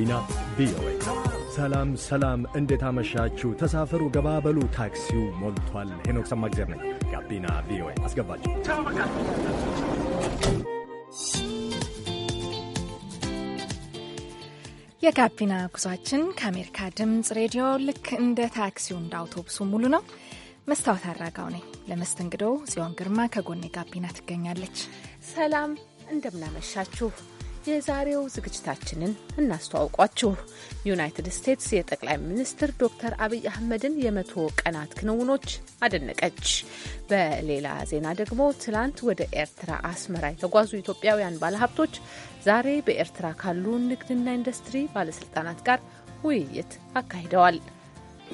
ጋቢና ቪኦኤ። ሰላም ሰላም፣ እንዴት አመሻችሁ? ተሳፈሩ፣ ገባበሉ፣ ታክሲው ሞልቷል። ሄኖክ ሰማግዜር ነኝ። ጋቢና ቪኦኤ ሰላም ሰላም እንዴት አመሻችሁ ተሳፈሩ በሉ ታክሲው ሞልቷል ሄኖክ ሰማግዜር ነኝ ጋቢና ቪኦኤ አስገባችሁ የጋቢና ጉዟችን ከአሜሪካ ድምፅ ሬዲዮ ልክ እንደ ታክሲው እንደ አውቶቡሱ ሙሉ ነው። መስታወት አራጋው ነኝ። ለመስተንግዶ ጽዮን ግርማ ከጎኔ ጋቢና ትገኛለች። ሰላም እንደምናመሻችሁ የዛሬው ዝግጅታችንን እናስተዋውቋችሁ። ዩናይትድ ስቴትስ የጠቅላይ ሚኒስትር ዶክተር አብይ አህመድን የመቶ ቀናት ክንውኖች አደነቀች። በሌላ ዜና ደግሞ ትላንት ወደ ኤርትራ አስመራ የተጓዙ ኢትዮጵያውያን ባለሀብቶች ዛሬ በኤርትራ ካሉ ንግድና ኢንዱስትሪ ባለስልጣናት ጋር ውይይት አካሂደዋል።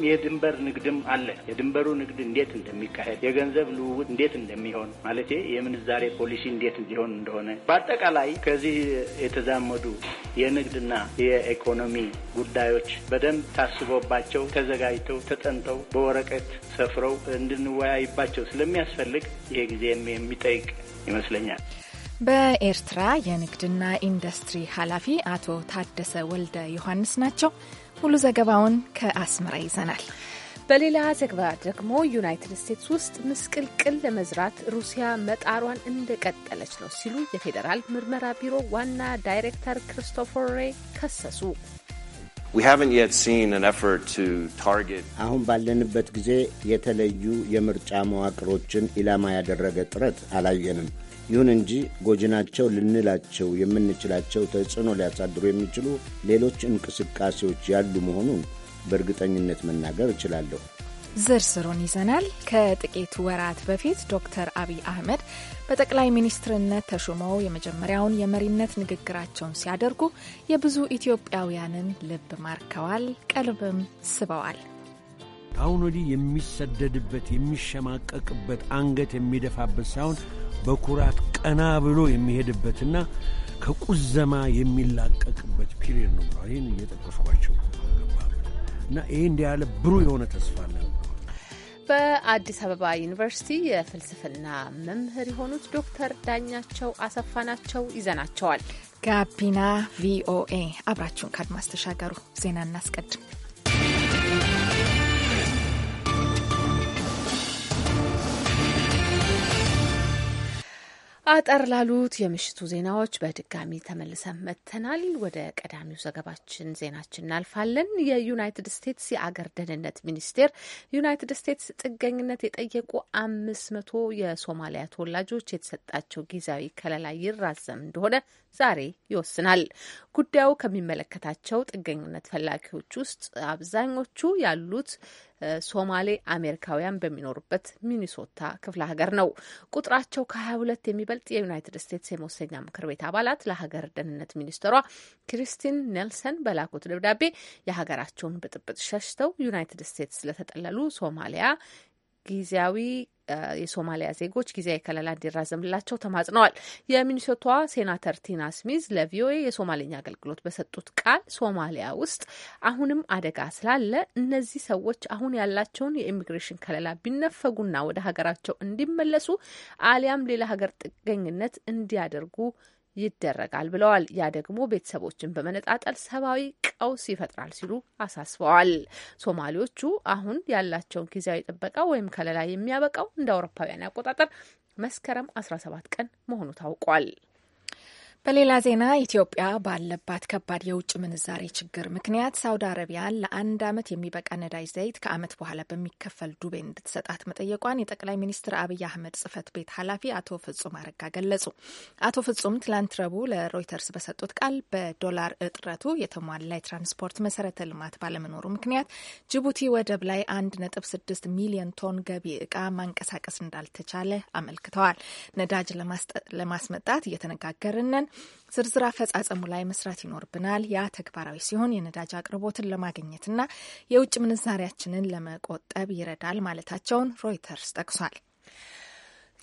የድንበር ንግድም አለ። የድንበሩ ንግድ እንዴት እንደሚካሄድ፣ የገንዘብ ልውውጥ እንዴት እንደሚሆን ማለት የምንዛሬ ፖሊሲ እንዴት እንዲሆን እንደሆነ በአጠቃላይ ከዚህ የተዛመዱ የንግድና የኢኮኖሚ ጉዳዮች በደንብ ታስቦባቸው ተዘጋጅተው ተጠንተው በወረቀት ሰፍረው እንድንወያይባቸው ስለሚያስፈልግ ይሄ ጊዜ የሚጠይቅ ይመስለኛል። በኤርትራ የንግድና ኢንዱስትሪ ኃላፊ አቶ ታደሰ ወልደ ዮሐንስ ናቸው። ሙሉ ዘገባውን ከአስመራ ይዘናል። በሌላ ዘገባ ደግሞ ዩናይትድ ስቴትስ ውስጥ ምስቅልቅል ለመዝራት ሩሲያ መጣሯን እንደቀጠለች ነው ሲሉ የፌዴራል ምርመራ ቢሮ ዋና ዳይሬክተር ክሪስቶፈር ሬ ከሰሱ። አሁን ባለንበት ጊዜ የተለዩ የምርጫ መዋቅሮችን ኢላማ ያደረገ ጥረት አላየንም። ይሁን እንጂ ጎጂ ናቸው ልንላቸው የምንችላቸው ተጽዕኖ ሊያሳድሩ የሚችሉ ሌሎች እንቅስቃሴዎች ያሉ መሆኑን በእርግጠኝነት መናገር እችላለሁ። ዝርዝሩን ይዘናል። ከጥቂት ወራት በፊት ዶክተር አብይ አህመድ በጠቅላይ ሚኒስትርነት ተሹመው የመጀመሪያውን የመሪነት ንግግራቸውን ሲያደርጉ የብዙ ኢትዮጵያውያንን ልብ ማርከዋል፣ ቀልብም ስበዋል። ከአሁን ወዲህ የሚሰደድበት የሚሸማቀቅበት አንገት የሚደፋበት ሳይሆን በኩራት ቀና ብሎ የሚሄድበትና ከቁዘማ የሚላቀቅበት ፒሪየድ ነው ብለዋል። ይህን እየጠቀስኳቸው እና ይህ እንዲህ ያለ ብሩ የሆነ ተስፋ አለ። በአዲስ አበባ ዩኒቨርሲቲ የፍልስፍና መምህር የሆኑት ዶክተር ዳኛቸው አሰፋ ናቸው። ይዘናቸዋል። ጋቢና ቪኦኤ አብራችሁን ካድማስ ተሻገሩ። ዜና እናስቀድም። አጠር ላሉት የምሽቱ ዜናዎች በድጋሚ ተመልሰን መጥተናል። ወደ ቀዳሚው ዘገባችን ዜናችን እናልፋለን። የዩናይትድ ስቴትስ የአገር ደህንነት ሚኒስቴር ዩናይትድ ስቴትስ ጥገኝነት የጠየቁ አምስት መቶ የሶማሊያ ተወላጆች የተሰጣቸው ጊዜያዊ ከለላ ይራዘም እንደሆነ ዛሬ ይወስናል። ጉዳዩ ከሚመለከታቸው ጥገኝነት ፈላጊዎች ውስጥ አብዛኞቹ ያሉት ሶማሌ አሜሪካውያን በሚኖሩበት ሚኒሶታ ክፍለ ሀገር ነው። ቁጥራቸው ከ22 የሚበልጥ የዩናይትድ ስቴትስ የመወሰኛ ምክር ቤት አባላት ለሀገር ደህንነት ሚኒስትሯ ክሪስቲን ኔልሰን በላኩት ደብዳቤ የሀገራቸውን ብጥብጥ ሸሽተው ዩናይትድ ስቴትስ ለተጠለሉ ሶማሊያ ጊዜያዊ የሶማሊያ ዜጎች ጊዜያዊ ከለላ እንዲራዘምላቸው ተማጽነዋል። የሚኒሶታዋ ሴናተር ቲና ስሚዝ ለቪኦኤ የሶማሌኛ አገልግሎት በሰጡት ቃል ሶማሊያ ውስጥ አሁንም አደጋ ስላለ እነዚህ ሰዎች አሁን ያላቸውን የኢሚግሬሽን ከለላ ቢነፈጉና ወደ ሀገራቸው እንዲመለሱ አሊያም ሌላ ሀገር ጥገኝነት እንዲያደርጉ ይደረጋል ብለዋል። ያ ደግሞ ቤተሰቦችን በመነጣጠል ሰብአዊ ቀውስ ይፈጥራል ሲሉ አሳስበዋል። ሶማሌዎቹ አሁን ያላቸውን ጊዜያዊ ጥበቃ ወይም ከለላ የሚያበቃው እንደ አውሮፓውያን አቆጣጠር መስከረም 17 ቀን መሆኑ ታውቋል። በሌላ ዜና ኢትዮጵያ ባለባት ከባድ የውጭ ምንዛሬ ችግር ምክንያት ሳውዲ አረቢያ ለአንድ ዓመት የሚበቃ ነዳጅ ዘይት ከዓመት በኋላ በሚከፈል ዱቤ እንድትሰጣት መጠየቋን የጠቅላይ ሚኒስትር አብይ አህመድ ጽህፈት ቤት ኃላፊ አቶ ፍጹም አረጋ ገለጹ። አቶ ፍጹም ትላንት ረቡዕ ለሮይተርስ በሰጡት ቃል በዶላር እጥረቱ የተሟላ የትራንስፖርት መሰረተ ልማት ባለመኖሩ ምክንያት ጅቡቲ ወደብ ላይ አንድ ነጥብ ስድስት ሚሊዮን ቶን ገቢ እቃ ማንቀሳቀስ እንዳልተቻለ አመልክተዋል። ነዳጅ ለማስመጣት እየተነጋገርነን ዝርዝር አፈጻጸሙ ላይ መስራት ይኖርብናል። ያ ተግባራዊ ሲሆን የነዳጅ አቅርቦትን ለማግኘትና የውጭ ምንዛሪያችንን ለመቆጠብ ይረዳል ማለታቸውን ሮይተርስ ጠቅሷል።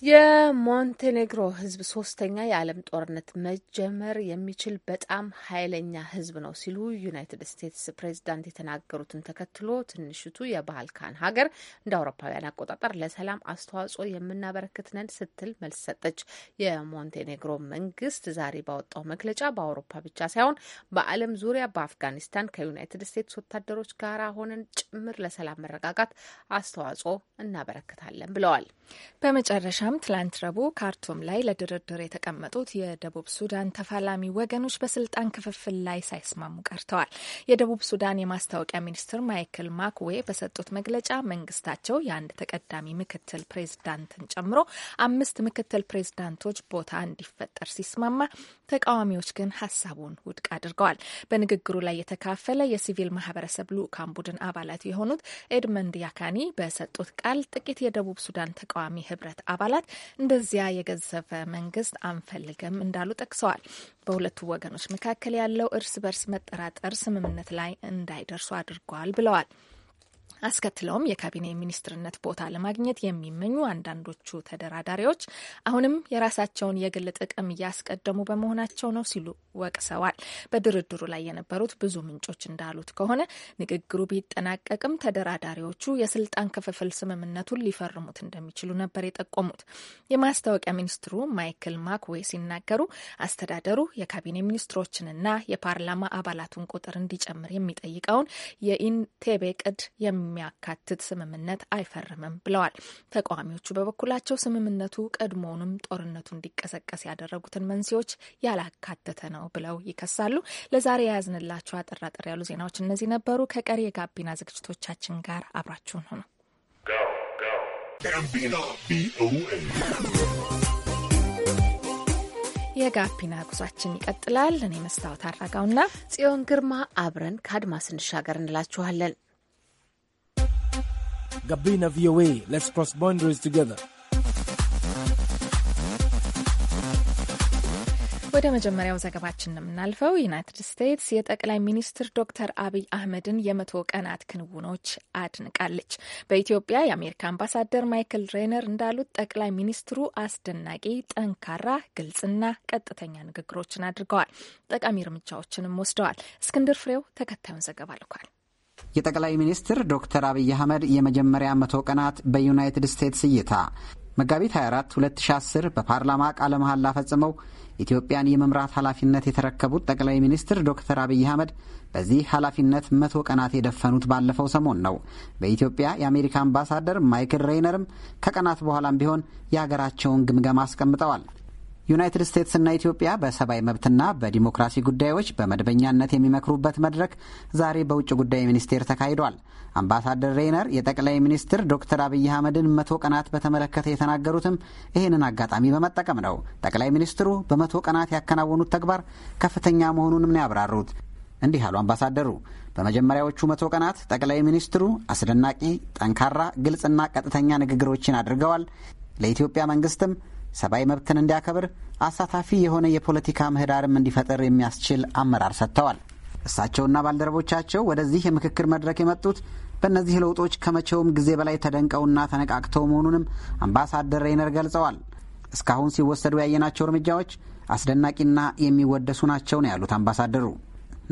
የሞንቴኔግሮ ህዝብ ሶስተኛ የዓለም ጦርነት መጀመር የሚችል በጣም ኃይለኛ ህዝብ ነው ሲሉ ዩናይትድ ስቴትስ ፕሬዚዳንት የተናገሩትን ተከትሎ ትንሽቱ የባልካን ሀገር እንደ አውሮፓውያን አቆጣጠር ለሰላም አስተዋጽኦ የምናበረክት ነን ስትል መልስ ሰጠች። የሞንቴኔግሮ መንግስት ዛሬ ባወጣው መግለጫ በአውሮፓ ብቻ ሳይሆን በዓለም ዙሪያ በአፍጋኒስታን ከዩናይትድ ስቴትስ ወታደሮች ጋር ሆነን ጭምር ለሰላም መረጋጋት አስተዋጽኦ እናበረክታለን ብለዋል። በመጨረሻ በመጨረሻም ትላንት ረቡዕ ካርቱም ላይ ለድርድር የተቀመጡት የደቡብ ሱዳን ተፋላሚ ወገኖች በስልጣን ክፍፍል ላይ ሳይስማሙ ቀርተዋል። የደቡብ ሱዳን የማስታወቂያ ሚኒስትር ማይክል ማክዌ በሰጡት መግለጫ መንግስታቸው የአንድ ተቀዳሚ ምክትል ፕሬዝዳንትን ጨምሮ አምስት ምክትል ፕሬዝዳንቶች ቦታ እንዲፈጠር ሲስማማ፣ ተቃዋሚዎች ግን ሀሳቡን ውድቅ አድርገዋል። በንግግሩ ላይ የተካፈለ የሲቪል ማህበረሰብ ልዑካን ቡድን አባላት የሆኑት ኤድመንድ ያካኒ በሰጡት ቃል ጥቂት የደቡብ ሱዳን ተቃዋሚ ህብረት አባላት አባላት እንደዚያ የገዘፈ መንግስት አንፈልግም እንዳሉ ጠቅሰዋል። በሁለቱ ወገኖች መካከል ያለው እርስ በርስ መጠራጠር ስምምነት ላይ እንዳይደርሱ አድርጓል ብለዋል። አስከትለውም የካቢኔ ሚኒስትርነት ቦታ ለማግኘት የሚመኙ አንዳንዶቹ ተደራዳሪዎች አሁንም የራሳቸውን የግል ጥቅም እያስቀደሙ በመሆናቸው ነው ሲሉ ወቅሰዋል። በድርድሩ ላይ የነበሩት ብዙ ምንጮች እንዳሉት ከሆነ ንግግሩ ቢጠናቀቅም ተደራዳሪዎቹ የስልጣን ክፍፍል ስምምነቱን ሊፈርሙት እንደሚችሉ ነበር የጠቆሙት። የማስታወቂያ ሚኒስትሩ ማይክል ማክዌ ሲናገሩ አስተዳደሩ የካቢኔ ሚኒስትሮችንና የፓርላማ አባላቱን ቁጥር እንዲጨምር የሚጠይቀውን የኢንቴቤ ቅድ የሚ የሚያካትት ስምምነት አይፈርምም ብለዋል። ተቃዋሚዎቹ በበኩላቸው ስምምነቱ ቀድሞውንም ጦርነቱ እንዲቀሰቀስ ያደረጉትን መንስኤዎች ያላካተተ ነው ብለው ይከሳሉ። ለዛሬ የያዝንላቸው አጠር አጠር ያሉ ዜናዎች እነዚህ ነበሩ። ከቀሪ የጋቢና ዝግጅቶቻችን ጋር አብራችሁን ሆኑ። የጋቢና ጉዟችን ይቀጥላል። እኔ መስታወት አድራጋውና ጽዮን ግርማ አብረን ከአድማስ እንሻገር እንላችኋለን። Gabina VOA. Let's cross boundaries together. ወደ መጀመሪያው ዘገባችን የምናልፈው ዩናይትድ ስቴትስ የጠቅላይ ሚኒስትር ዶክተር አብይ አህመድን የመቶ ቀናት ክንውኖች አድንቃለች። በኢትዮጵያ የአሜሪካ አምባሳደር ማይክል ሬነር እንዳሉት ጠቅላይ ሚኒስትሩ አስደናቂ፣ ጠንካራ፣ ግልጽና ቀጥተኛ ንግግሮችን አድርገዋል። ጠቃሚ እርምጃዎችንም ወስደዋል። እስክንድር ፍሬው ተከታዩን ዘገባ ልኳል። የጠቅላይ ሚኒስትር ዶክተር አብይ አህመድ የመጀመሪያ መቶ ቀናት በዩናይትድ ስቴትስ እይታ መጋቢት 24 2010 በፓርላማ ቃለ መሐላ ፈጽመው ኢትዮጵያን የመምራት ኃላፊነት የተረከቡት ጠቅላይ ሚኒስትር ዶክተር አብይ አህመድ በዚህ ኃላፊነት መቶ ቀናት የደፈኑት ባለፈው ሰሞን ነው። በኢትዮጵያ የአሜሪካ አምባሳደር ማይክል ሬይነርም ከቀናት በኋላም ቢሆን የሀገራቸውን ግምገማ አስቀምጠዋል። ዩናይትድ ስቴትስና ኢትዮጵያ በሰብአዊ መብትና በዲሞክራሲ ጉዳዮች በመደበኛነት የሚመክሩበት መድረክ ዛሬ በውጭ ጉዳይ ሚኒስቴር ተካሂዷል። አምባሳደር ሬይነር የጠቅላይ ሚኒስትር ዶክተር አብይ አህመድን መቶ ቀናት በተመለከተ የተናገሩትም ይህንን አጋጣሚ በመጠቀም ነው። ጠቅላይ ሚኒስትሩ በመቶ ቀናት ያከናወኑት ተግባር ከፍተኛ መሆኑንም ነው ያብራሩት። እንዲህ አሉ አምባሳደሩ። በመጀመሪያዎቹ መቶ ቀናት ጠቅላይ ሚኒስትሩ አስደናቂ፣ ጠንካራ፣ ግልጽና ቀጥተኛ ንግግሮችን አድርገዋል። ለኢትዮጵያ መንግስትም ሰብአዊ መብትን እንዲያከብር አሳታፊ የሆነ የፖለቲካ ምህዳርም እንዲፈጠር የሚያስችል አመራር ሰጥተዋል። እሳቸውና ባልደረቦቻቸው ወደዚህ የምክክር መድረክ የመጡት በእነዚህ ለውጦች ከመቼውም ጊዜ በላይ ተደንቀውና ተነቃቅተው መሆኑንም አምባሳደር ሬይነር ገልጸዋል። እስካሁን ሲወሰዱ ያየናቸው እርምጃዎች አስደናቂና የሚወደሱ ናቸው ነው ያሉት አምባሳደሩ።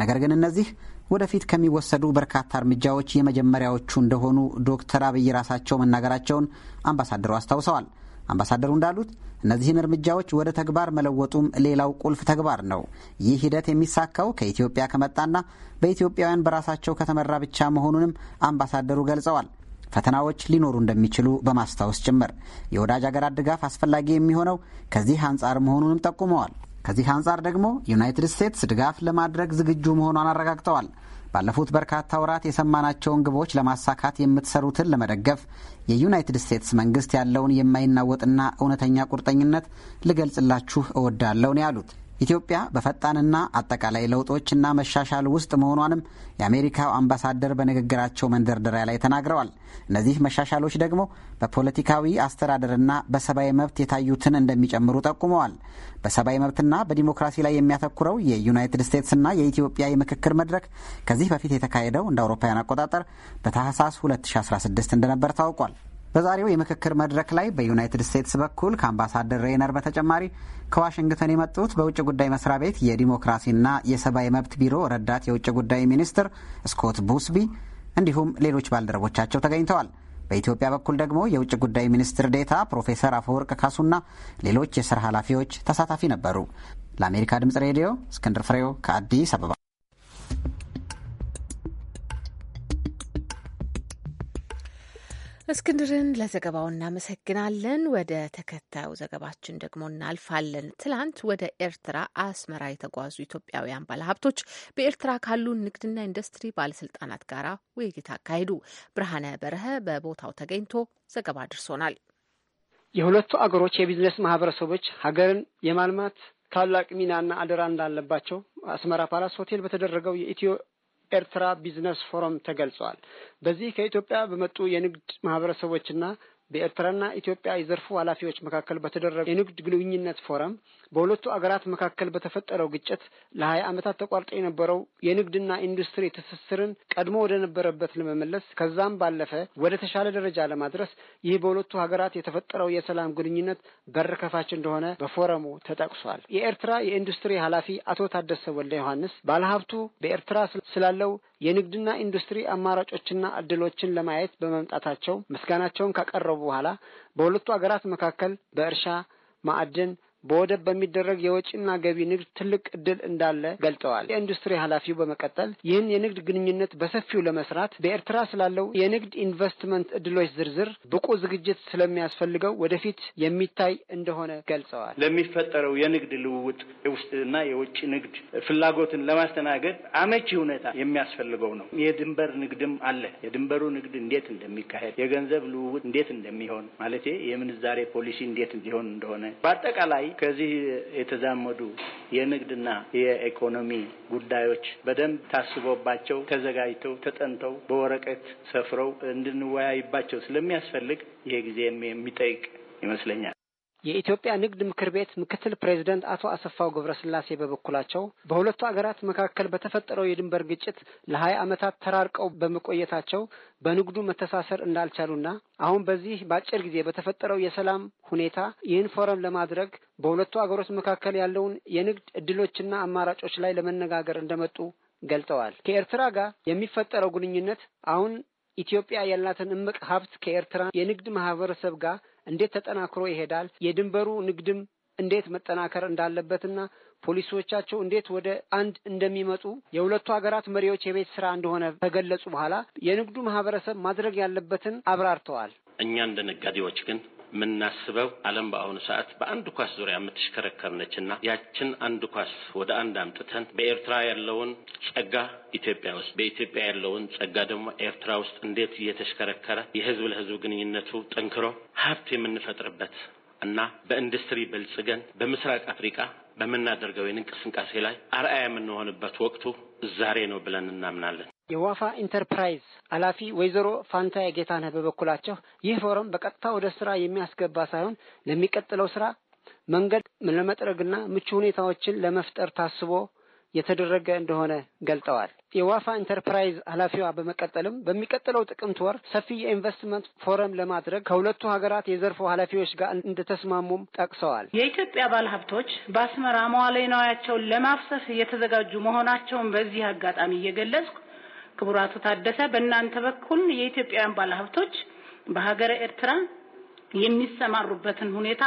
ነገር ግን እነዚህ ወደፊት ከሚወሰዱ በርካታ እርምጃዎች የመጀመሪያዎቹ እንደሆኑ ዶክተር አብይ ራሳቸው መናገራቸውን አምባሳደሩ አስታውሰዋል። አምባሳደሩ እንዳሉት እነዚህን እርምጃዎች ወደ ተግባር መለወጡም ሌላው ቁልፍ ተግባር ነው። ይህ ሂደት የሚሳካው ከኢትዮጵያ ከመጣና በኢትዮጵያውያን በራሳቸው ከተመራ ብቻ መሆኑንም አምባሳደሩ ገልጸዋል። ፈተናዎች ሊኖሩ እንደሚችሉ በማስታወስ ጭምር የወዳጅ አገራት ድጋፍ አስፈላጊ የሚሆነው ከዚህ አንጻር መሆኑንም ጠቁመዋል። ከዚህ አንጻር ደግሞ ዩናይትድ ስቴትስ ድጋፍ ለማድረግ ዝግጁ መሆኗን አረጋግጠዋል። ባለፉት በርካታ ወራት የሰማናቸውን ግቦች ለማሳካት የምትሰሩትን ለመደገፍ የዩናይትድ ስቴትስ መንግስት ያለውን የማይናወጥና እውነተኛ ቁርጠኝነት ልገልጽላችሁ እወዳለሁ ነው ያሉት። ኢትዮጵያ በፈጣንና አጠቃላይ ለውጦችና መሻሻል ውስጥ መሆኗንም የአሜሪካው አምባሳደር በንግግራቸው መንደርደሪያ ላይ ተናግረዋል። እነዚህ መሻሻሎች ደግሞ በፖለቲካዊ አስተዳደርና በሰብአዊ መብት የታዩትን እንደሚጨምሩ ጠቁመዋል። በሰብአዊ መብትና በዲሞክራሲ ላይ የሚያተኩረው የዩናይትድ ስቴትስና የኢትዮጵያ የምክክር መድረክ ከዚህ በፊት የተካሄደው እንደ አውሮፓውያን አቆጣጠር በታህሳስ 2016 እንደነበር ታውቋል። በዛሬው የምክክር መድረክ ላይ በዩናይትድ ስቴትስ በኩል ከአምባሳደር ሬይነር በተጨማሪ ከዋሽንግተን የመጡት በውጭ ጉዳይ መስሪያ ቤት የዲሞክራሲና የሰብአዊ መብት ቢሮ ረዳት የውጭ ጉዳይ ሚኒስትር ስኮት ቡስቢ እንዲሁም ሌሎች ባልደረቦቻቸው ተገኝተዋል። በኢትዮጵያ በኩል ደግሞ የውጭ ጉዳይ ሚኒስትር ዴታ ፕሮፌሰር አፈወርቅ ካሱና ሌሎች የስራ ኃላፊዎች ተሳታፊ ነበሩ። ለአሜሪካ ድምጽ ሬዲዮ እስክንድር ፍሬው ከአዲስ አበባ እስክንድርን ለዘገባው እናመሰግናለን። ወደ ተከታዩ ዘገባችን ደግሞ እናልፋለን። ትላንት ወደ ኤርትራ አስመራ የተጓዙ ኢትዮጵያውያን ባለሀብቶች በኤርትራ ካሉ ንግድና ኢንዱስትሪ ባለስልጣናት ጋር ውይይት አካሄዱ። ብርሃነ በረሀ በቦታው ተገኝቶ ዘገባ አድርሶናል። የሁለቱ አገሮች የቢዝነስ ማህበረሰቦች ሀገርን የማልማት ታላቅ ሚናና አደራ እንዳለባቸው አስመራ ፓላስ ሆቴል በተደረገው የኢትዮ ኤርትራ ቢዝነስ ፎረም ተገልጿል። በዚህ ከኢትዮጵያ በመጡ የንግድ ማህበረሰቦችና በኤርትራና ኢትዮጵያ የዘርፉ ኃላፊዎች መካከል በተደረገ የንግድ ግንኙነት ፎረም በሁለቱ አገራት መካከል በተፈጠረው ግጭት ለሀያ ዓመታት ተቋርጦ የነበረው የንግድና ኢንዱስትሪ ትስስርን ቀድሞ ወደ ነበረበት ለመመለስ ከዛም ባለፈ ወደ ተሻለ ደረጃ ለማድረስ ይህ በሁለቱ ሀገራት የተፈጠረው የሰላም ግንኙነት በር ከፋች እንደሆነ በፎረሙ ተጠቅሷል። የኤርትራ የኢንዱስትሪ ኃላፊ አቶ ታደሰ ወልደ ዮሐንስ ባለሀብቱ በኤርትራ ስላለው የንግድና ኢንዱስትሪ አማራጮችና እድሎችን ለማየት በመምጣታቸው ምስጋናቸውን ካቀረቡ በኋላ በሁለቱ አገራት መካከል በእርሻ ማዕድን በወደብ በሚደረግ የወጪና ገቢ ንግድ ትልቅ እድል እንዳለ ገልጠዋል። የኢንዱስትሪ ኃላፊው በመቀጠል ይህን የንግድ ግንኙነት በሰፊው ለመስራት በኤርትራ ስላለው የንግድ ኢንቨስትመንት እድሎች ዝርዝር ብቁ ዝግጅት ስለሚያስፈልገው ወደፊት የሚታይ እንደሆነ ገልጸዋል። ለሚፈጠረው የንግድ ልውውጥ የውስጥና የውጭ ንግድ ፍላጎትን ለማስተናገድ አመቺ ሁኔታ የሚያስፈልገው ነው። የድንበር ንግድም አለ። የድንበሩ ንግድ እንዴት እንደሚካሄድ፣ የገንዘብ ልውውጥ እንዴት እንደሚሆን፣ ማለት የምንዛሬ ፖሊሲ እንዴት እንዲሆን እንደሆነ በአጠቃላይ ከዚህ የተዛመዱ የንግድና የኢኮኖሚ ጉዳዮች በደንብ ታስቦባቸው ተዘጋጅተው ተጠንተው በወረቀት ሰፍረው እንድንወያይባቸው ስለሚያስፈልግ ይሄ ጊዜ የሚጠይቅ ይመስለኛል። የኢትዮጵያ ንግድ ምክር ቤት ምክትል ፕሬዚደንት አቶ አሰፋው ገብረስላሴ በበኩላቸው በሁለቱ አገራት መካከል በተፈጠረው የድንበር ግጭት ለሀያ ዓመታት ተራርቀው በመቆየታቸው በንግዱ መተሳሰር እንዳልቻሉና አሁን በዚህ በአጭር ጊዜ በተፈጠረው የሰላም ሁኔታ ይህን ፎረም ለማድረግ በሁለቱ አገሮች መካከል ያለውን የንግድ እድሎችና አማራጮች ላይ ለመነጋገር እንደመጡ ገልጠዋል። ከኤርትራ ጋር የሚፈጠረው ግንኙነት አሁን ኢትዮጵያ ያላትን እምቅ ሀብት ከኤርትራ የንግድ ማህበረሰብ ጋር እንዴት ተጠናክሮ ይሄዳል፣ የድንበሩ ንግድም እንዴት መጠናከር እንዳለበትና ፖሊሶቻቸው እንዴት ወደ አንድ እንደሚመጡ የሁለቱ ሀገራት መሪዎች የቤት ስራ እንደሆነ ከገለጹ በኋላ የንግዱ ማህበረሰብ ማድረግ ያለበትን አብራርተዋል። እኛ እንደ ነጋዴዎች ግን የምናስበው ዓለም በአሁኑ ሰዓት በአንድ ኳስ ዙሪያ የምትሽከረከር ነች እና ያችን አንድ ኳስ ወደ አንድ አምጥተን በኤርትራ ያለውን ጸጋ ኢትዮጵያ ውስጥ፣ በኢትዮጵያ ያለውን ጸጋ ደግሞ ኤርትራ ውስጥ እንዴት እየተሽከረከረ የህዝብ ለህዝብ ግንኙነቱ ጠንክሮ ሀብት የምንፈጥርበት እና በኢንዱስትሪ በልጽገን በምስራቅ አፍሪካ በምናደርገው የእንቅስቃሴ ላይ አርአያ የምንሆንበት ወቅቱ ዛሬ ነው ብለን እናምናለን። የዋፋ ኢንተርፕራይዝ ኃላፊ ወይዘሮ ፋንታ የጌታነህ በበኩላቸው ይህ ፎረም በቀጥታ ወደ ስራ የሚያስገባ ሳይሆን ለሚቀጥለው ስራ መንገድ ለመጥረግና ምቹ ሁኔታዎችን ለመፍጠር ታስቦ የተደረገ እንደሆነ ገልጠዋል። የዋፋ ኢንተርፕራይዝ ኃላፊዋ በመቀጠልም በሚቀጥለው ጥቅምት ወር ሰፊ የኢንቨስትመንት ፎረም ለማድረግ ከሁለቱ ሀገራት የዘርፎ ኃላፊዎች ጋር እንደተስማሙም ጠቅሰዋል። የኢትዮጵያ ባለሀብቶች በአስመራ መዋዕለ ንዋያቸውን ለማፍሰስ እየተዘጋጁ መሆናቸውን በዚህ አጋጣሚ እየገለጽኩ ክቡር አቶ ታደሰ በእናንተ በኩል የኢትዮጵያውያን ባለሀብቶች በሀገረ ኤርትራ የሚሰማሩበትን ሁኔታ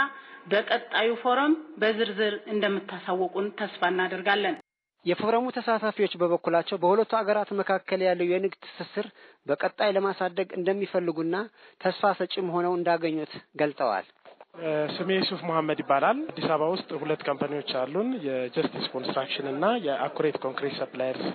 በቀጣዩ ፎረም በዝርዝር እንደምታሳውቁን ተስፋ እናደርጋለን። የፎረሙ ተሳታፊዎች በበኩላቸው በሁለቱ ሀገራት መካከል ያለው የንግድ ትስስር በቀጣይ ለማሳደግ እንደሚፈልጉና ተስፋ ሰጪም ሆነው እንዳገኙት ገልጸዋል። ስሜ ሱፍ መሀመድ ይባላል። አዲስ አበባ ውስጥ ሁለት ካምፓኒዎች አሉን። የጀስቲስ ኮንስትራክሽን እና የአኩሬት ኮንክሪት ሰፕላየርስ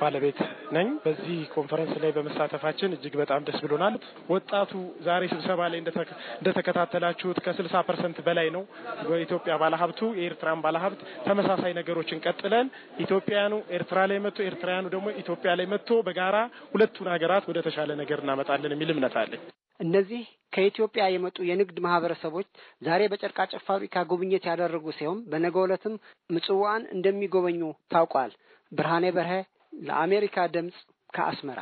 ባለቤት ነኝ። በዚህ ኮንፈረንስ ላይ በመሳተፋችን እጅግ በጣም ደስ ብሎናል። ወጣቱ ዛሬ ስብሰባ ላይ እንደተከታተላችሁት ከስልሳ ፐርሰንት በላይ ነው በኢትዮጵያ ባለሀብቱ የኤርትራን ባለሀብት ተመሳሳይ ነገሮችን ቀጥለን ኢትዮጵያውያኑ ኤርትራ ላይ መጥቶ ኤርትራውያኑ ደግሞ ኢትዮጵያ ላይ መጥቶ በጋራ ሁለቱን ሀገራት ወደ ተሻለ ነገር እናመጣለን የሚል እምነት አለኝ። እነዚህ ከኢትዮጵያ የመጡ የንግድ ማህበረሰቦች ዛሬ በጨርቃጨር ፋብሪካ ጉብኝት ያደረጉ ሲሆን በነገ ዕለትም ምጽዋን እንደሚጎበኙ ታውቋል። ብርሃኔ በርሀ ለአሜሪካ ድምፅ ከአስመራ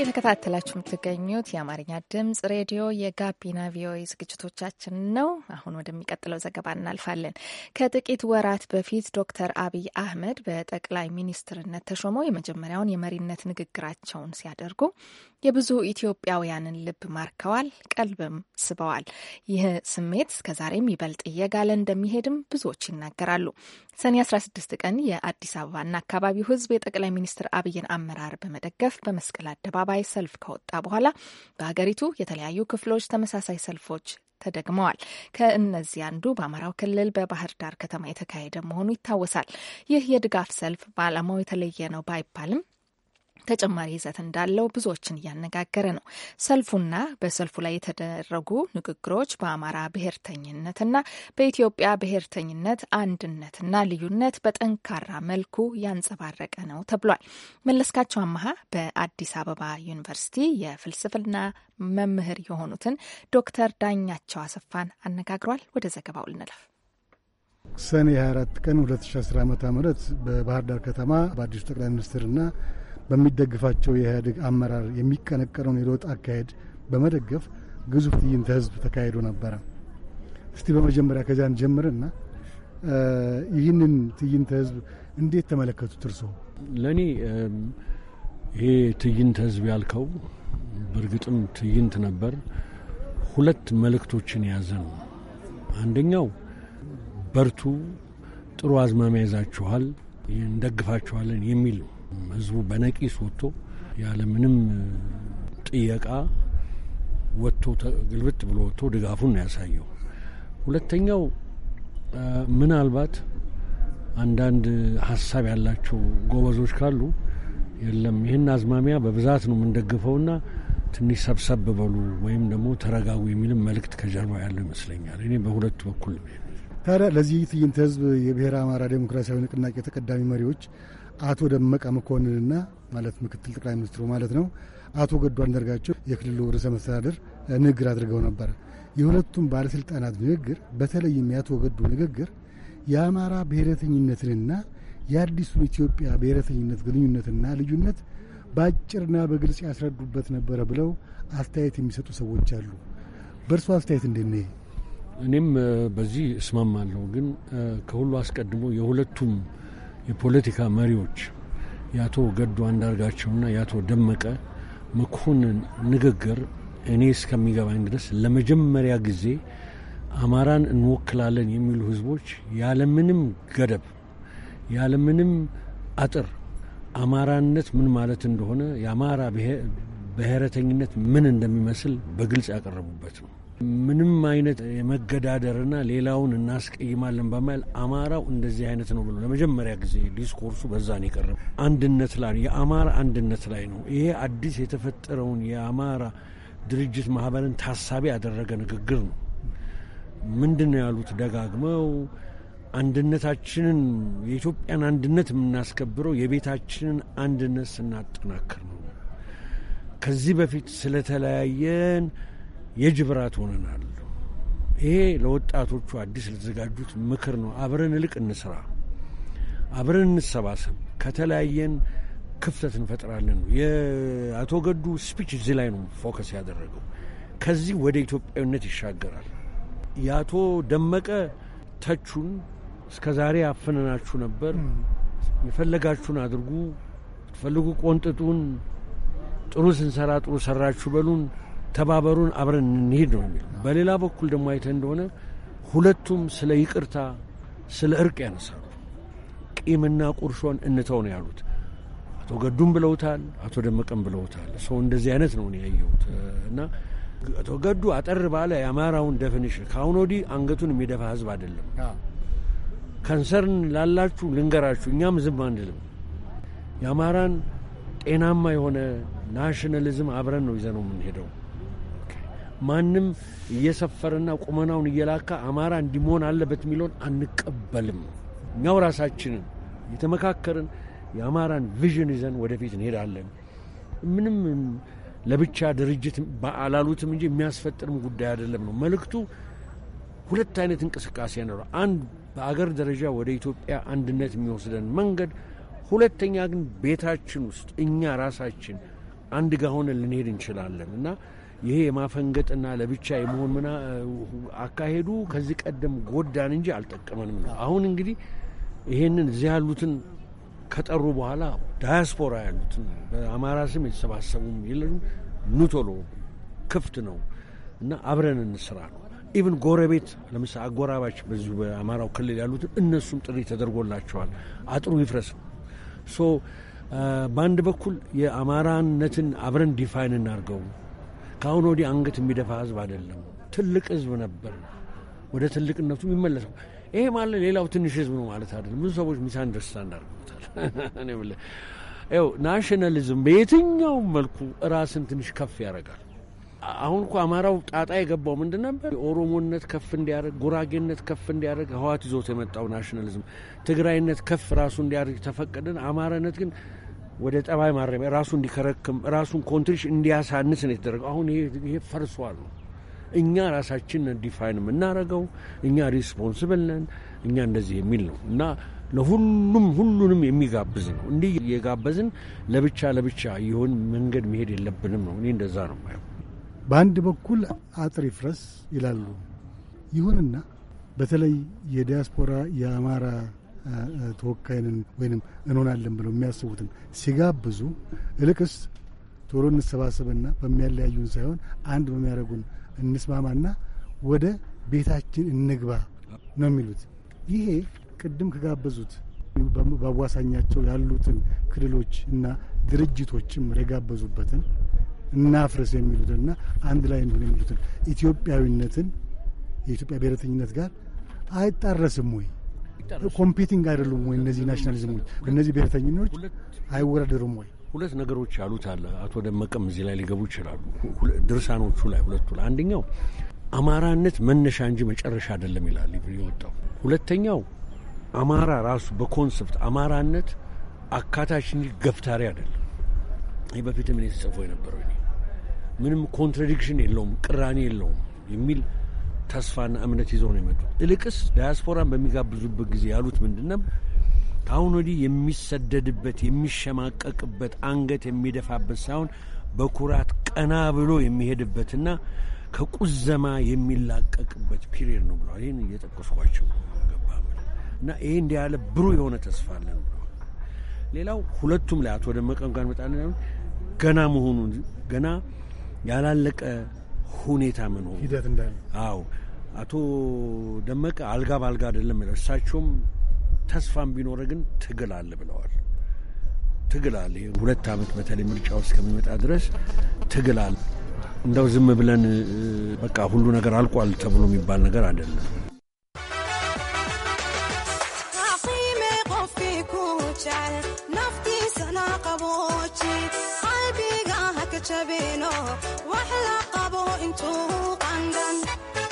የተከታተላችሁ የምትገኙት የአማርኛ ድምጽ ሬዲዮ የጋቢና ቪኦኤ ዝግጅቶቻችን ነው። አሁን ወደሚቀጥለው ዘገባ እናልፋለን። ከጥቂት ወራት በፊት ዶክተር አብይ አህመድ በጠቅላይ ሚኒስትርነት ተሾመው የመጀመሪያውን የመሪነት ንግግራቸውን ሲያደርጉ የብዙ ኢትዮጵያውያንን ልብ ማርከዋል፣ ቀልብም ስበዋል። ይህ ስሜት እስከዛሬም ይበልጥ እየጋለ እንደሚሄድም ብዙዎች ይናገራሉ። ሰኔ 16 ቀን የአዲስ አበባና አካባቢው ህዝብ የጠቅላይ ሚኒስትር አብይን አመራር በመደገፍ በመስቀል አደባባይ አደባባይ ሰልፍ ከወጣ በኋላ በሀገሪቱ የተለያዩ ክፍሎች ተመሳሳይ ሰልፎች ተደግመዋል። ከእነዚህ አንዱ በአማራው ክልል በባህር ዳር ከተማ የተካሄደ መሆኑ ይታወሳል። ይህ የድጋፍ ሰልፍ በዓላማው የተለየ ነው ባይባልም ተጨማሪ ይዘት እንዳለው ብዙዎችን እያነጋገረ ነው። ሰልፉና በሰልፉ ላይ የተደረጉ ንግግሮች በአማራ ብሔርተኝነትና በኢትዮጵያ ብሔርተኝነት አንድነትና ልዩነት በጠንካራ መልኩ ያንጸባረቀ ነው ተብሏል። መለስካቸው አመሃ በአዲስ አበባ ዩኒቨርሲቲ የፍልስፍና መምህር የሆኑትን ዶክተር ዳኛቸው አሰፋን አነጋግሯል። ወደ ዘገባው ልንለፍ። ሰኔ 24 ቀን 2010 ዓ ም በባህር ዳር ከተማ በአዲሱ ጠቅላይ ሚኒስትርና በሚደግፋቸው የኢህአዴግ አመራር የሚቀነቀነውን የለውጥ አካሄድ በመደገፍ ግዙፍ ትዕይንተ ህዝብ ተካሂዶ ነበረ። እስቲ በመጀመሪያ ከዚያን ጀምርና ይህንን ትዕይንተ ህዝብ እንዴት ተመለከቱት እርስዎ? ለእኔ ይሄ ትዕይንተ ህዝብ ያልከው በእርግጥም ትዕይንት ነበር። ሁለት መልእክቶችን የያዘ ነው። አንደኛው በርቱ፣ ጥሩ አዝማሚያ ይዛችኋል፣ እንደግፋችኋለን የሚል ነው። ህዝቡ በነቂስ ወጥቶ ያለምንም ጥየቃ ወጥቶ ግልብጥ ብሎ ወጥቶ ድጋፉን ነው ያሳየው። ሁለተኛው ምናልባት አንዳንድ ሀሳብ ያላቸው ጎበዞች ካሉ የለም ይህን አዝማሚያ በብዛት ነው የምንደግፈውና ትንሽ ሰብሰብ በሉ ወይም ደግሞ ተረጋጉ የሚልም መልእክት ከጀርባ ያለው ይመስለኛል። እኔ በሁለቱ በኩል ታዲያ ለዚህ ትዕይንተ ህዝብ የብሔረ አማራ ዴሞክራሲያዊ ንቅናቄ ተቀዳሚ መሪዎች አቶ ደመቀ መኮንንና ማለት ምክትል ጠቅላይ ሚኒስትሩ ማለት ነው አቶ ገዱ አንዳርጋቸው የክልሉ ርዕሰ መስተዳደር ንግግር አድርገው ነበር። የሁለቱም ባለስልጣናት ንግግር በተለይም የአቶ ገዱ ንግግር የአማራ ብሔረተኝነትንና የአዲሱን ኢትዮጵያ ብሔረተኝነት ግንኙነትና ልዩነት በአጭርና በግልጽ ያስረዱበት ነበረ ብለው አስተያየት የሚሰጡ ሰዎች አሉ። በእርሶ አስተያየት እንደነ እኔም በዚህ እስማማለሁ። ግን ከሁሉ አስቀድሞ የሁለቱም የፖለቲካ መሪዎች የአቶ ገዱ አንዳርጋቸውና የአቶ ደመቀ መኮንን ንግግር እኔ እስከሚገባኝ ድረስ ለመጀመሪያ ጊዜ አማራን እንወክላለን የሚሉ ህዝቦች ያለምንም ገደብ ያለምንም አጥር አማራነት ምን ማለት እንደሆነ የአማራ ብሔረተኝነት ምን እንደሚመስል በግልጽ ያቀረቡበት ነው። ምንም አይነት የመገዳደርና ሌላውን እናስቀይማለን በማል አማራው እንደዚህ አይነት ነው ብሎ ለመጀመሪያ ጊዜ ዲስኮርሱ በዛ ነው የቀረበ። አንድነት ላይ የአማራ አንድነት ላይ ነው። ይሄ አዲስ የተፈጠረውን የአማራ ድርጅት ማህበርን ታሳቢ ያደረገ ንግግር ነው። ምንድን ነው ያሉት? ደጋግመው አንድነታችንን የኢትዮጵያን አንድነት የምናስከብረው የቤታችንን አንድነት ስናጠናክር ነው። ከዚህ በፊት ስለተለያየን የጅብራት ሆነናል። ይሄ ለወጣቶቹ አዲስ ለተዘጋጁት ምክር ነው። አብረን እልቅ እንስራ፣ አብረን እንሰባሰብ፣ ከተለያየን ክፍተት እንፈጥራለን የአቶ ገዱ ስፒች። እዚህ ላይ ነው ፎከስ ያደረገው። ከዚህ ወደ ኢትዮጵያዊነት ይሻገራል። የአቶ ደመቀ ተቹን እስከ ዛሬ አፍነናችሁ ነበር፣ የፈለጋችሁን አድርጉ፣ ትፈልጉ ቆንጥጡን፣ ጥሩ ስንሰራ ጥሩ ሰራችሁ በሉን ተባበሩን፣ አብረን እንሄድ ነው የሚል። በሌላ በኩል ደግሞ አይተ እንደሆነ ሁለቱም ስለ ይቅርታ፣ ስለ እርቅ ያነሳሉ። ቂምና ቁርሾን እንተው ነው ያሉት። አቶ ገዱም ብለውታል፣ አቶ ደመቀም ብለውታል። ሰው እንደዚህ አይነት ነው ያየሁት እና አቶ ገዱ አጠር ባለ የአማራውን ደፊኒሽን ከአሁን ወዲህ አንገቱን የሚደፋ ህዝብ አይደለም። ከንሰርን ላላችሁ ልንገራችሁ፣ እኛም ዝም አንልም። የአማራን ጤናማ የሆነ ናሽናሊዝም አብረን ነው ይዘነው የምንሄደው። ማንም እየሰፈረና ቁመናውን እየላካ አማራ እንዲሞን አለበት የሚለውን አንቀበልም። እኛው ራሳችንን የተመካከርን የአማራን ቪዥን ይዘን ወደፊት እንሄዳለን። ምንም ለብቻ ድርጅት አላሉትም እንጂ የሚያስፈጥርም ጉዳይ አይደለም ነው መልእክቱ። ሁለት አይነት እንቅስቃሴ ነው። አንድ በአገር ደረጃ ወደ ኢትዮጵያ አንድነት የሚወስደን መንገድ፣ ሁለተኛ ግን ቤታችን ውስጥ እኛ ራሳችን አንድ ጋሆነ ሆነን ልንሄድ እንችላለን እና ይሄ የማፈንገጥና ለብቻ የመሆን ምና አካሄዱ ከዚህ ቀደም ጎዳን እንጂ አልጠቀመንም ነው። አሁን እንግዲህ ይሄንን እዚህ ያሉትን ከጠሩ በኋላ ዳያስፖራ ያሉትን በአማራ ስም የተሰባሰቡ ይለሉ ኑቶሎ ክፍት ነው እና አብረን እንስራ ነው። ኢብን ጎረቤት ለምሳሌ አጎራባች በዚሁ በአማራው ክልል ያሉትን እነሱም ጥሪ ተደርጎላቸዋል። አጥሩ ይፍረስ ሶ በአንድ በኩል የአማራነትን አብረን ዲፋይን እናርገው ከአሁን ወዲህ አንገት የሚደፋ ህዝብ አይደለም። ትልቅ ህዝብ ነበር፣ ወደ ትልቅነቱ የሚመለሰው። ይሄ ማለት ሌላው ትንሽ ህዝብ ነው ማለት አይደለም። ብዙ ሰዎች ሚሳን ደርሳ ሚስ አንደርስታንድ አድርገውታል። ናሽናሊዝም በየትኛውም መልኩ ራስን ትንሽ ከፍ ያደርጋል። አሁን እኮ አማራው ጣጣ የገባው ምንድን ነበር? ኦሮሞነት ከፍ እንዲያደርግ፣ ጉራጌነት ከፍ እንዲያደርግ ህዋት ይዞት የመጣው ናሽናሊዝም፣ ትግራይነት ከፍ ራሱ እንዲያደርግ ተፈቀደን። አማራነት ግን ወደ ጠባይ ማረሚያ ራሱ እንዲከረክም ራሱን ኮንትሪሽ እንዲያሳንስ ነው የተደረገው። አሁን ይሄ ፈርሷል ነው። እኛ ራሳችን ዲፋይን የምናረገው እኛ ሪስፖንስብል ነን እኛ እንደዚህ የሚል ነው እና ለሁሉም ሁሉንም የሚጋብዝ ነው። እንዲህ የጋበዝን ለብቻ ለብቻ የሆን መንገድ መሄድ የለብንም ነው። እኔ እንደዛ ነው የማየው። በአንድ በኩል አጥር ይፍረስ ይላሉ። ይሁንና በተለይ የዲያስፖራ የአማራ ተወካይንን ወይም እንሆናለን ብለው የሚያስቡትን ሲጋብዙ እልቅስ ቶሎ እንሰባሰብና በሚያለያዩን ሳይሆን አንድ በሚያደርጉን እንስማማና ወደ ቤታችን እንግባ ነው የሚሉት። ይሄ ቅድም ከጋበዙት በአዋሳኛቸው ያሉትን ክልሎች እና ድርጅቶችም የጋበዙበትን እናፍርስ የሚሉትንና አንድ ላይ እንሁን የሚሉትን ኢትዮጵያዊነትን የኢትዮጵያ ብሔረተኝነት ጋር አይጣረስም ወይ? ኮምፒቲንግ አይደሉም ወይ? እነዚህ ናሽናሊዝሞች እነዚህ ብሔርተኝኖች አይወዳደሩም ወይ? ሁለት ነገሮች አሉት አለ። አቶ ደመቀም እዚህ ላይ ሊገቡ ይችላሉ። ድርሳኖቹ ላይ ሁለቱ ላይ አንደኛው አማራነት መነሻ እንጂ መጨረሻ አይደለም ይላል የወጣው። ሁለተኛው አማራ ራሱ በኮንሰፕት አማራነት አካታች እንጂ ገፍታሪ አይደለም። ይህ በፊት ምን የነበረው ምንም ኮንትራዲክሽን የለውም ቅራኔ የለውም የሚል ተስፋና እምነት ይዘው ነው የመጡት። እልቅስ ዳያስፖራን በሚጋብዙበት ጊዜ ያሉት ምንድን ነው? ከአሁን ወዲህ የሚሰደድበት የሚሸማቀቅበት አንገት የሚደፋበት ሳይሆን በኩራት ቀና ብሎ የሚሄድበትና ከቁዘማ የሚላቀቅበት ፒሪየድ ነው ብለዋል። ይህን እየጠቀስኳቸው ገባ እና ይህ እንዲህ ያለ ብሩህ የሆነ ተስፋ አለን ብለዋል። ሌላው ሁለቱም ላይ አቶ ደመቀም ጋር መጣን ገና መሆኑን ገና ያላለቀ ሁኔታ መኖሩ አዎ አቶ ደመቀ አልጋ በአልጋ አይደለም ይላል። እሳቸውም ተስፋም ቢኖረ ግን ትግል አለ ብለዋል። ትግል አለ። ሁለት ዓመት በተለይ ውስጥ ከሚመጣ ድረስ ትግል አለ። እንደው ዝም ብለን በቃ ሁሉ ነገር አልቋል ተብሎ የሚባል ነገር አይደለም።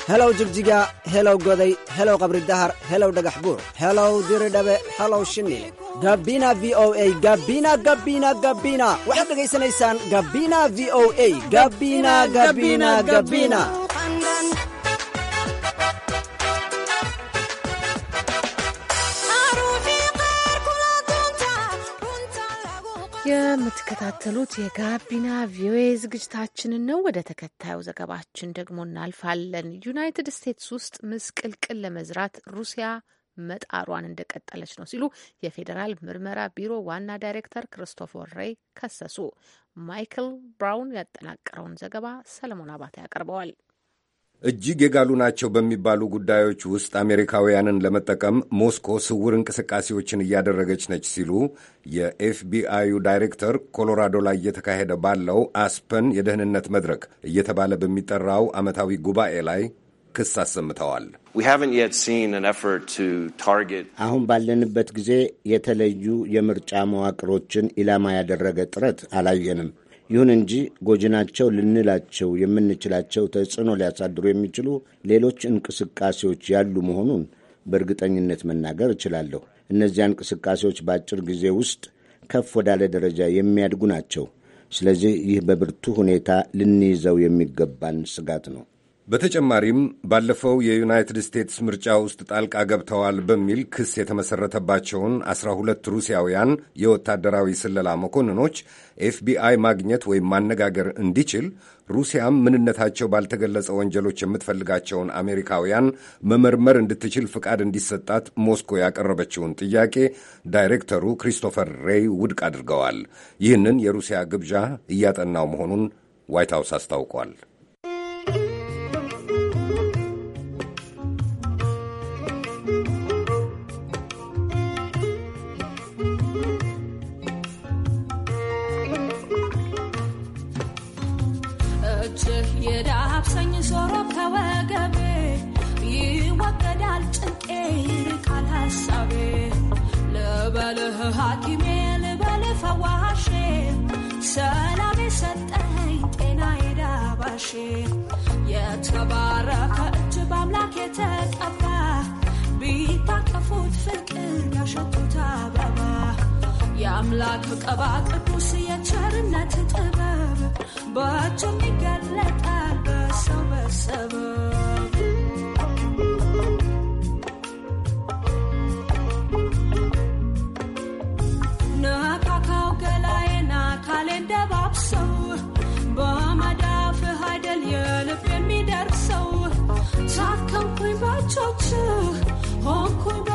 helow jigjiga helow goday helow qabri dahar helow dhagax buur helow diri dhabe helow shini gabina v o a gabina gabina gabina waxaad dhegaysanaysaan gabina v o a gabina gabina gabina የምትከታተሉት የጋቢና ቪኦኤ ዝግጅታችንን ነው። ወደ ተከታዩ ዘገባችን ደግሞ እናልፋለን። ዩናይትድ ስቴትስ ውስጥ ምስቅልቅል ለመዝራት ሩሲያ መጣሯን እንደቀጠለች ነው ሲሉ የፌዴራል ምርመራ ቢሮ ዋና ዳይሬክተር ክርስቶፈር ሬይ ከሰሱ። ማይክል ብራውን ያጠናቀረውን ዘገባ ሰለሞን አባተ ያቀርበዋል። እጅግ የጋሉ ናቸው በሚባሉ ጉዳዮች ውስጥ አሜሪካውያንን ለመጠቀም ሞስኮ ስውር እንቅስቃሴዎችን እያደረገች ነች ሲሉ የኤፍቢአዩ ዳይሬክተር ኮሎራዶ ላይ እየተካሄደ ባለው አስፐን የደህንነት መድረክ እየተባለ በሚጠራው ዓመታዊ ጉባኤ ላይ ክስ አሰምተዋል። አሁን ባለንበት ጊዜ የተለዩ የምርጫ መዋቅሮችን ኢላማ ያደረገ ጥረት አላየንም። ይሁን እንጂ ጎጂ ናቸው ልንላቸው የምንችላቸው ተጽዕኖ ሊያሳድሩ የሚችሉ ሌሎች እንቅስቃሴዎች ያሉ መሆኑን በእርግጠኝነት መናገር እችላለሁ። እነዚያ እንቅስቃሴዎች በአጭር ጊዜ ውስጥ ከፍ ወዳለ ደረጃ የሚያድጉ ናቸው። ስለዚህ ይህ በብርቱ ሁኔታ ልንይዘው የሚገባን ስጋት ነው። በተጨማሪም ባለፈው የዩናይትድ ስቴትስ ምርጫ ውስጥ ጣልቃ ገብተዋል በሚል ክስ የተመሰረተባቸውን አስራ ሁለት ሩሲያውያን የወታደራዊ ስለላ መኮንኖች ኤፍቢአይ ማግኘት ወይም ማነጋገር እንዲችል ሩሲያም ምንነታቸው ባልተገለጸ ወንጀሎች የምትፈልጋቸውን አሜሪካውያን መመርመር እንድትችል ፍቃድ እንዲሰጣት ሞስኮ ያቀረበችውን ጥያቄ ዳይሬክተሩ ክሪስቶፈር ሬይ ውድቅ አድርገዋል። ይህንን የሩሲያ ግብዣ እያጠናው መሆኑን ዋይት ሀውስ አስታውቋል። ልበልህ ሐኪሜ ልበልህ ፈዋሼ ሰላም የሰጠኝ ጤና የዳባሼ የተባረከ እጅ በአምላክ የተቀባ ቢታቀፉት ፍቅር ያሸቱት አበባ የአምላክ ቀባ ቅዱስ የቸርነት ጥበብ በእጁም ይገለጣል በሰው በሰበብ çok 我会。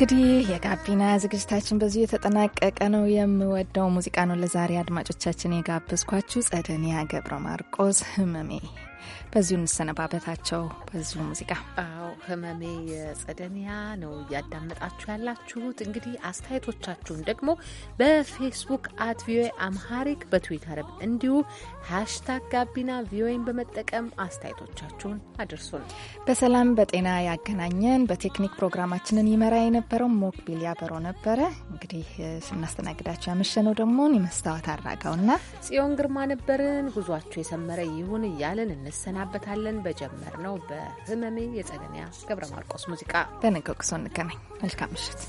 እንግዲህ ጋቢና ዝግጅታችን በዚሁ የተጠናቀቀ ነው። የምወደው ሙዚቃ ነው። ለዛሬ አድማጮቻችን የጋበዝኳችሁ ጸደኒያ ገብረ ማርቆስ ህመሜ። በዚሁ እንሰነባበታቸው በዚሁ ሙዚቃ አዎ፣ ህመሜ የጸደኒያ ነው እያዳመጣችሁ ያላችሁት። እንግዲህ አስተያየቶቻችሁን ደግሞ በፌስቡክ አት ቪኦኤ አምሃሪክ በትዊተርም እንዲሁ ሃሽታግ ጋቢና ቪኦኤን በመጠቀም አስተያየቶቻችሁን አድርሱን። በሰላም በጤና ያገናኘን። በቴክኒክ ፕሮግራማችንን ይመራ የነበረው ሞክቢል ያበሮ ነበረ። እንግዲህ ስናስተናግዳቸው ያመሸነው ደግሞ የመስታወት አራጋውና ጽዮን ግርማ ነበርን። ጉዟቸው የሰመረ ይሁን እያልን እንሰናበታለን። ነው በህመሜ የጸገንያ ገብረ ማርቆስ ሙዚቃ በነገው ክሶ እንገናኝ። መልካም ምሽት።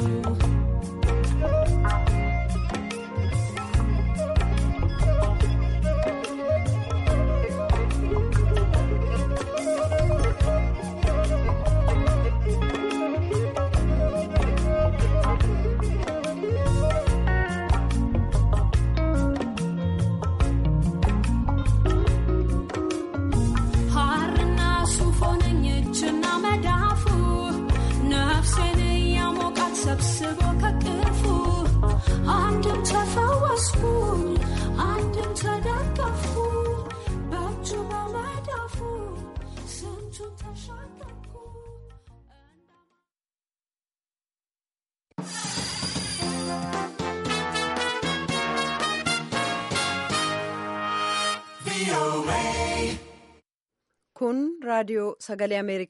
you. ራዲዮ ሰገሌ አሜሪካ